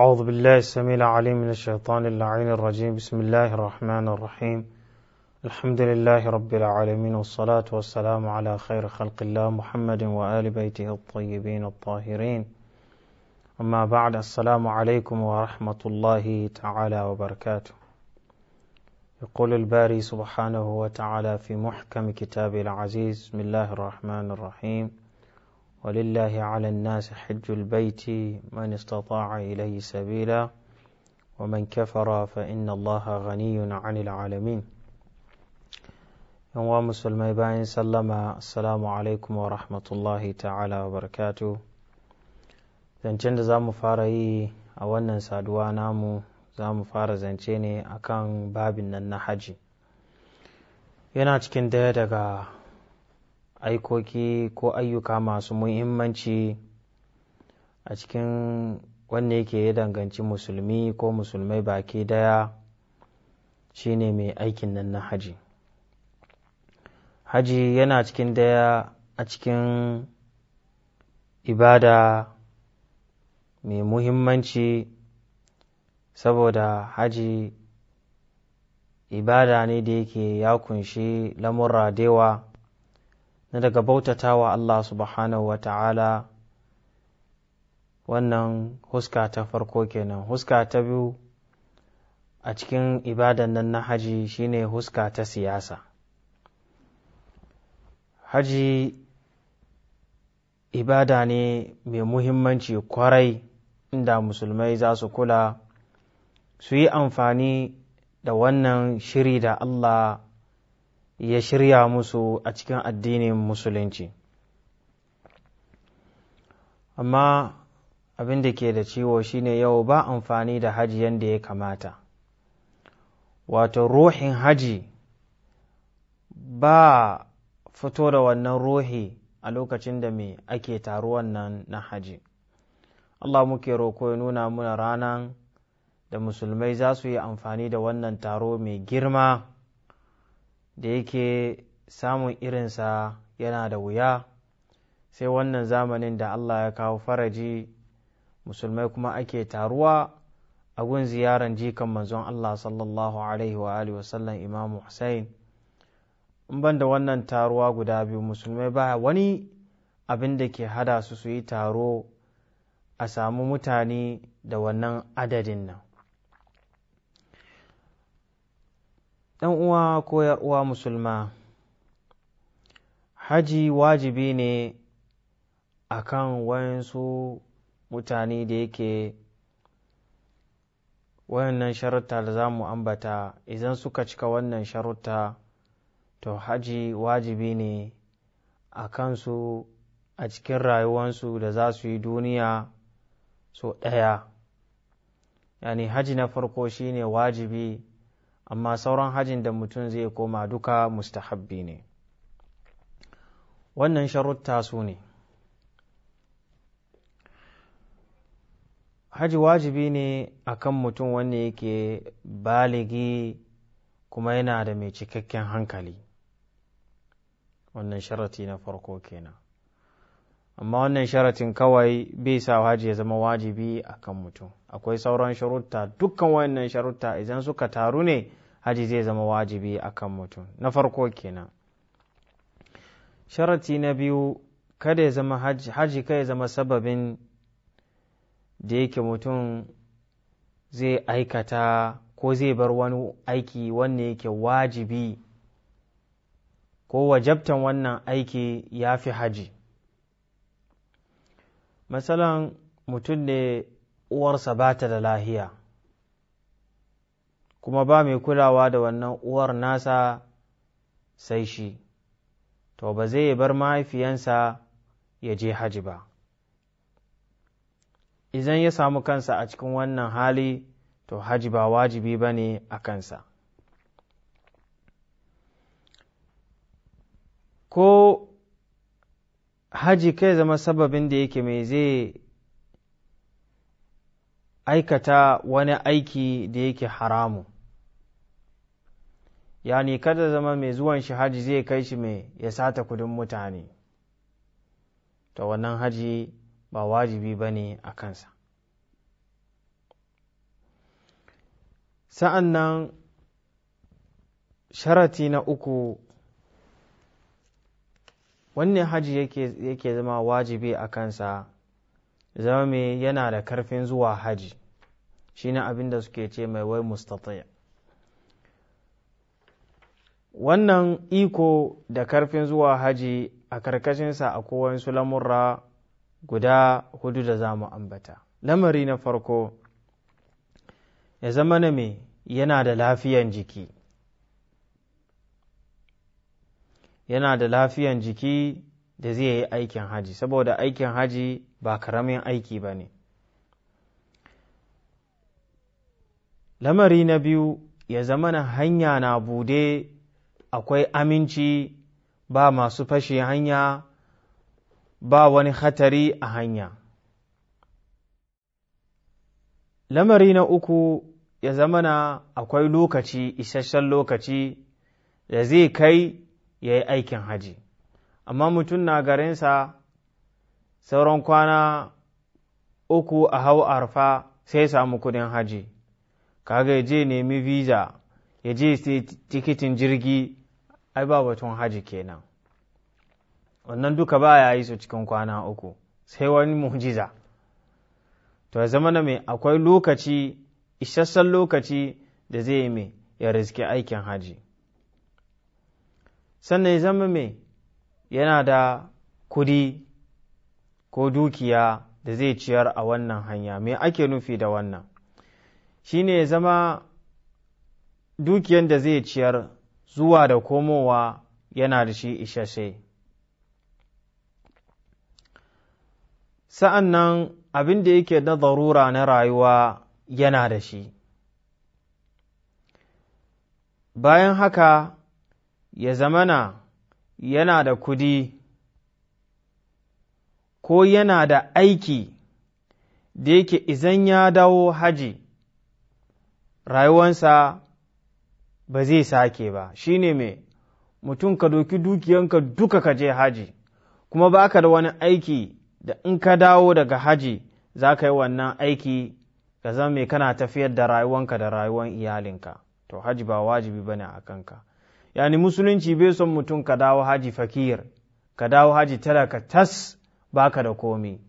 أعوذ بالله السميع العليم من الشيطان اللعين الرجيم بسم الله الرحمن الرحيم الحمد لله رب العالمين والصلاة والسلام على خير خلق الله محمد وآل بيته الطيبين الطاهرين أما بعد السلام عليكم ورحمة الله تعالى وبركاته يقول الباري سبحانه وتعالى في محكم كتابه العزيز بسم الله الرحمن الرحيم ولله على الناس حج البيت من استطاع إليه سبيلا ومن كفر فإن الله غني عن العالمين يوم مسلم باين سلم السلام عليكم ورحمة الله تعالى وبركاته zancen da za mu fara yi a wannan saduwa namu za mu fara zance ne akan babin nan na haji yana cikin daya daga aikoki ko ayyuka masu muhimmanci a cikin wanne yake ya danganci musulmi ko musulmai baki daya shine mai aikin nan na haji haji yana cikin daya a cikin ibada mai muhimmanci saboda haji ibada ne da yake ya kunshi lamurra dewa na daga wa Allah subhanahu wa ta'ala wannan huska ta farko kenan huska ta biyu a cikin ibadan nan na haji shine huska ta siyasa haji ibada ne mai muhimmanci kwarai inda musulmai za su kula su yi amfani da wannan shiri da Allah ya shirya musu a cikin addinin musulunci amma abin da ke da ciwo shine yau ba amfani da haji yadda ya kamata wato ruhin haji ba fito da wannan ruhi a lokacin da me ake taruwan nan na haji Allah muke roko ya nuna muna ranan da musulmai za su yi amfani da wannan taro mai girma da yake samun irinsa yana da wuya sai wannan zamanin da Allah ya kawo faraji musulmai kuma ake taruwa a gun ziyaran jikan manzon Allah sallallahu alaihi wa alihi wasallam imamu Hussein in ban da wannan taruwa guda biyu musulmai ba wani abin da ke hada su su yi taro a samu mutane da wannan adadin nan ɗan uwa ko uwa musulma haji wajibi ne a kan wayansu mutane da yake wayannan sharuta da za mu ambata idan suka cika wannan sharuta to haji wajibi ne a kansu a cikin rayuwansu da za su yi duniya so ɗaya yani haji na farko shine wajibi amma sauran hajin da mutum zai koma duka mustahabbi ne wannan sharutta su ne haji wajibi ne akan mutum wanda yake baligi kuma yana da mai cikakken hankali wannan sharati na farko kenan amma wannan sharatin kawai bai sa haji ya zama wajibi a kan mutum akwai sauran sharutta dukkan wayannan sharutta idan suka taru ne haji zai zama wajibi a kan mutum na farko kenan sharati na biyu kada ya zama haji kada ya zama sababin da yake mutum zai aikata ko zai bar wani aiki wanne yake wajibi ko wajabtan wannan aiki ya fi haji masalan mutum ne uwarsa ba ta da lahiya kuma ba mai kulawa da wannan uwar nasa sai shi to ba zai bar mahaifiyansa ya je haji ba idan ya samu kansa a cikin wannan hali to haji ba wajibi ba ne a kansa ko haji kai zama sababin da yake mai zai aikata wani aiki da yake haramu yani kada zama mai zuwan shi haji zai kai shi mai ya sata kudin mutane ta wannan haji ba wajibi ba ne a kansa sa'an nan sharati na uku wannan hajji yake zama wajibi a kansa zama mai yana da karfin zuwa hajji shi ne abin da suke ce mai wai mustataya wannan iko da karfin zuwa hajji a karkashinsa a kowansu lamurra guda hudu da za mu ambata lamari na farko ya zama na mai yana da lafiyan jiki yana da lafiyan jiki da zai yi aikin haji saboda aikin haji ba karamin aiki ba ne lamari na biyu ya zama na hanya na bude akwai aminci ba masu fashe hanya ba wani hatari a hanya lamari na uku ya zama na akwai lokaci isasshen lokaci da zai kai ya yi aikin haji amma mutum na garinsa sauran kwana uku a hau arfa sai samu kudin haji kaga ya je nemi visa ya je tikitin jirgi ai ba batun haji kenan wannan duka ba ya yi su cikin kwana uku sai wani mujiza to ya zama na mai akwai lokaci isassan lokaci da zai yi mai ya riske aikin haji sannan ya zama mai yana da kudi ko dukiya da zai ciyar a wannan hanya me ake nufi da wannan shine ya zama dukiyan da zai ciyar zuwa da komowa yana da shi ishashe sa'an nan abin da yake na zarura na rayuwa yana da shi bayan haka ya zamana yana da kudi ko yana da aiki da yake izan ya dawo haji rayuwansa ba zai sake ba shi ne mai mutum ka doki dukiyanka duka ka je haji kuma ba ka da wani aiki da in ka dawo daga haji za ka yi wannan aiki ka zama mai kana tafiyar da rayuwanka da rayuwan iyalinka to haji ba wajibi ba ne a kanka yani musulunci bai son mutum ka dawo haji fakir ka dawo haji talaka tas baka da komi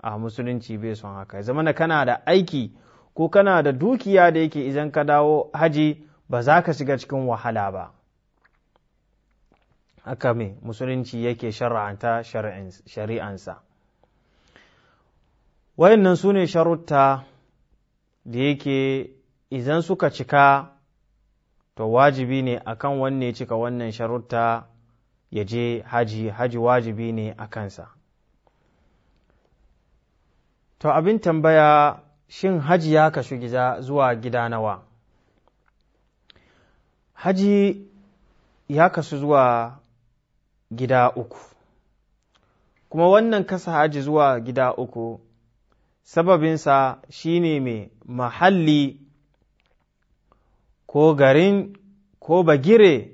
a musulunci bai son haka zama da kana da aiki ko kana da dukiya da yake idan ka dawo haji ba za ka shiga cikin wahala ba haka me musulunci yake shari'anta shari'ansa wayannan su ne sharutta da yake idan suka cika to wajibi ne akan wanne cika wannan sharurta ya je haji haji wajibi ne a kansa to abin tambaya shin haji ya kashu gida zuwa gida nawa haji ya kasu zuwa gida uku kuma wannan kasa haji zuwa gida uku sababinsa shine mai mahalli ko garin ko bagire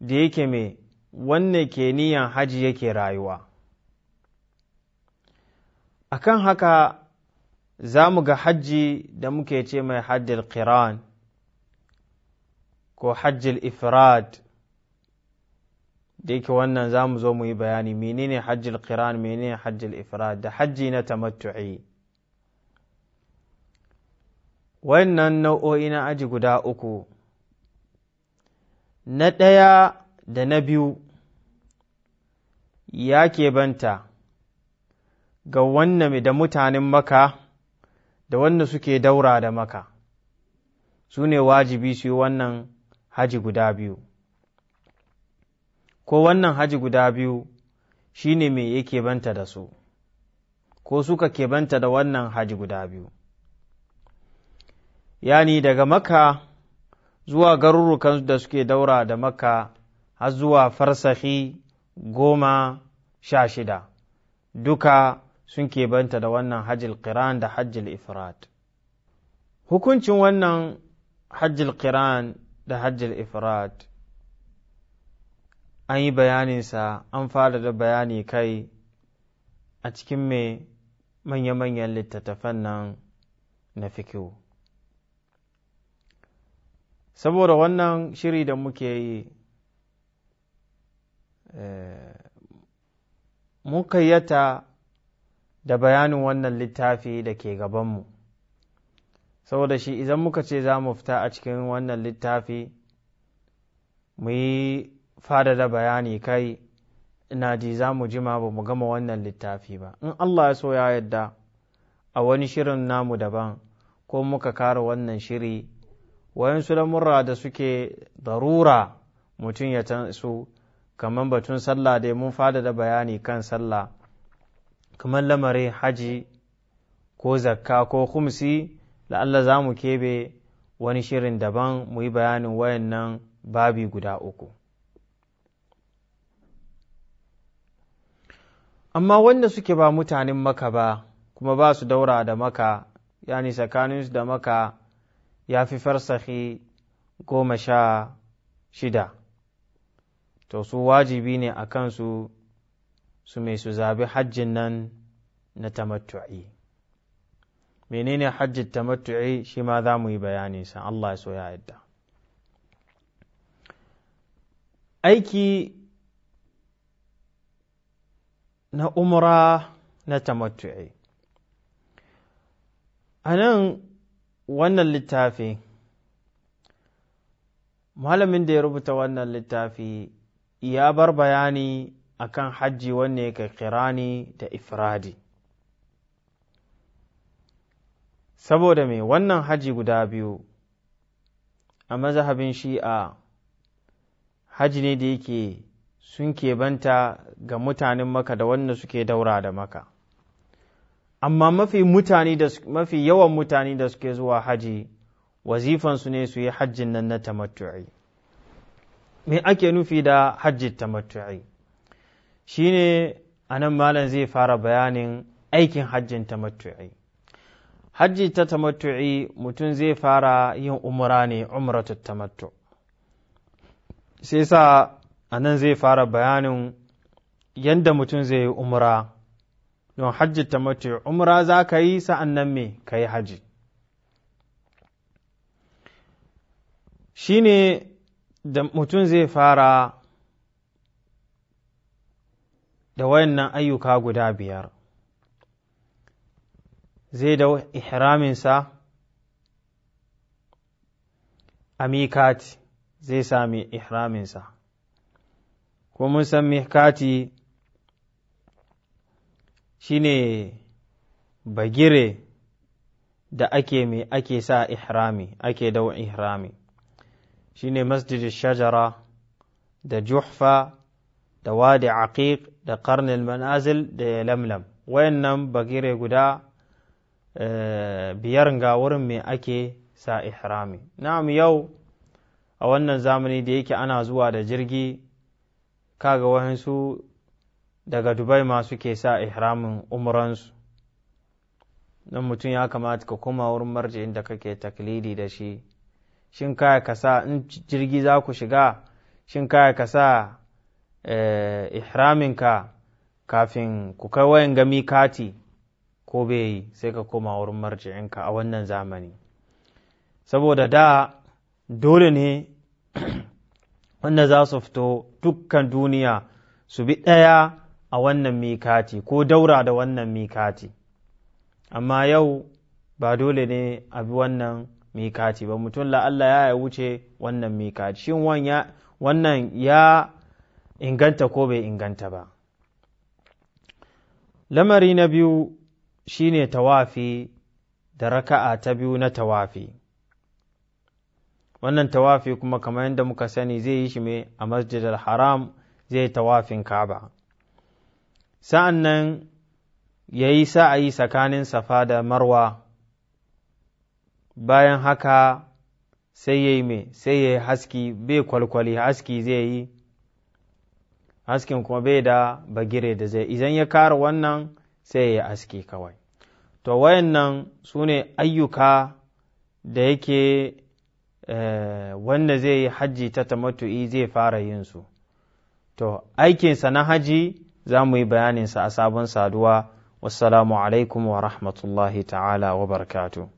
da yake mai wanne ke niyan haji yake rayuwa akan haka za mu ga hajji da muke ce mai hajjil qiran ko hajjil ifrad da yake wannan za mu zo mu yi bayani menene hajjil qiran menene hajjil ifrad da hajji na tamattu'i wannan nau'o'i na aji guda uku na ɗaya da na biyu ya ke banta ga wannan da mutanen maka da wanda suke daura da maka su ne wajibi su yi wannan haji guda biyu ko wannan haji guda biyu shine ne mai yake banta da su ko suka ke banta da wannan haji guda biyu yani daga maka zuwa garurrukan da suke daura da maka har zuwa farsahi goma sha shida duka sun banta da wannan hajjil qiran da hajjil ifrat hukuncin wannan hajjil qiran da hajjil ifrat an yi bayaninsa an fara da bayani kai a cikin mai manya-manyan littattafan nan na fikihu saboda wannan shiri da muke yi eh, mun kayyata da bayanin wannan littafi da ke gabanmu saboda shi idan muka ce za mu fita a cikin wannan littafi mu yi da bayani kai ina ji za mu jima ba mu gama wannan littafi ba in allah ya so ya yadda a wani shirin namu daban ko muka kara wannan shiri wayansu lamurra da suke darura mutum ya can su kamar batun sallah dai mun fadada bayani kan sallah kamar lamarin haji ko zakka ko kumsi la'alla za mu kebe wani shirin daban mu yi bayanin wayannan babi guda uku amma wanda suke ba mutanen maka ba kuma ba su daura da maka yani tsakaninsu da maka ya fi farsahi goma sha shida to su wajibi ne a kansu su mai su zabi hajjin nan na tamattu'i menene hajjin tamattu'i shi ma za mu yi bayani san Allah ya so ya yadda aiki na umra na tamattu'i a nan wannan littafi malamin da ya rubuta wannan littafi ya bar bayani akan hajji wanne kai kirani da ifradi saboda mai wannan hajji guda biyu a mazhabin shi'a hajji ne da yake sun banta ga mutanen maka da wanda suke daura da maka amma mafi mutane da mafi yawan mutane da suke zuwa haji wazifansu ne su yi hajjin nan na tamattu'i me ake nufi da hajji tamattu'i shine anan malam zai fara bayanin aikin hajjin tamattu'i hajji ta tamattu'i mutum zai fara yin umra ne umratu tamattu sai sa anan zai fara bayanin yanda mutum zai yi umra don hajji ta mace umra za ka yi sa'an nan me ka yi hajji shi ne da mutum zai fara da wayannan ayyuka guda biyar zai da ihraminsa a mikati zai sami ihraminsa kuma mun san mikati shine bagire da ake mai ake sa ihrami ake da ihrami shine masjid shajara da juhfa da wadi aqiq da karnin manazil da lamlam wayannan bagire guda eh, biyar ga wurin mai ake sa ihrami na'am yau a wannan zamani da yake ana zuwa da jirgi kaga wahansu daga dubai masu ke sa ihramin umuransu don mutum ya kamata ka koma wurin inda da kake taklidi da shi shin kaya ka sa in jirgi za ku shiga shin kaya ka sa eh, ihraminka kafin ku kai wayan gami kati ko bai yi sai ka koma wurin marji'inka a wannan zamani saboda da dole ne wanda za su fito dukkan duniya su bi ɗaya a wannan mikati ko daura da wannan mikati amma yau ba dole ne a bi wannan mikati ba mutum la'alla ya wuce wannan mikati shin wannan ya inganta ko bai inganta ba lamari na biyu shine tawafi da raka'a ta biyu na tawafi wannan tawafi kuma kamar yadda muka sani zai yi shi mai a masjidar haram zai yi tawafin kaba sa'an nan ya yi sa'ayi tsakanin safa da marwa bayan haka sai ya yi mai sai ya yi haski bai kwalkwali haski zai yi haskin kuma bai da bagire da zai idan ya kara wannan sai ya yi haski kawai to wayannan su ne ayyuka da yake eh, wanda zai yi hajji ta tamatu'i zai fara yin su to aikinsa na haji za mu yi bayaninsa a sabon saduwa wassalamu alaikum wa rahmatullahi ta'ala wa barakatuh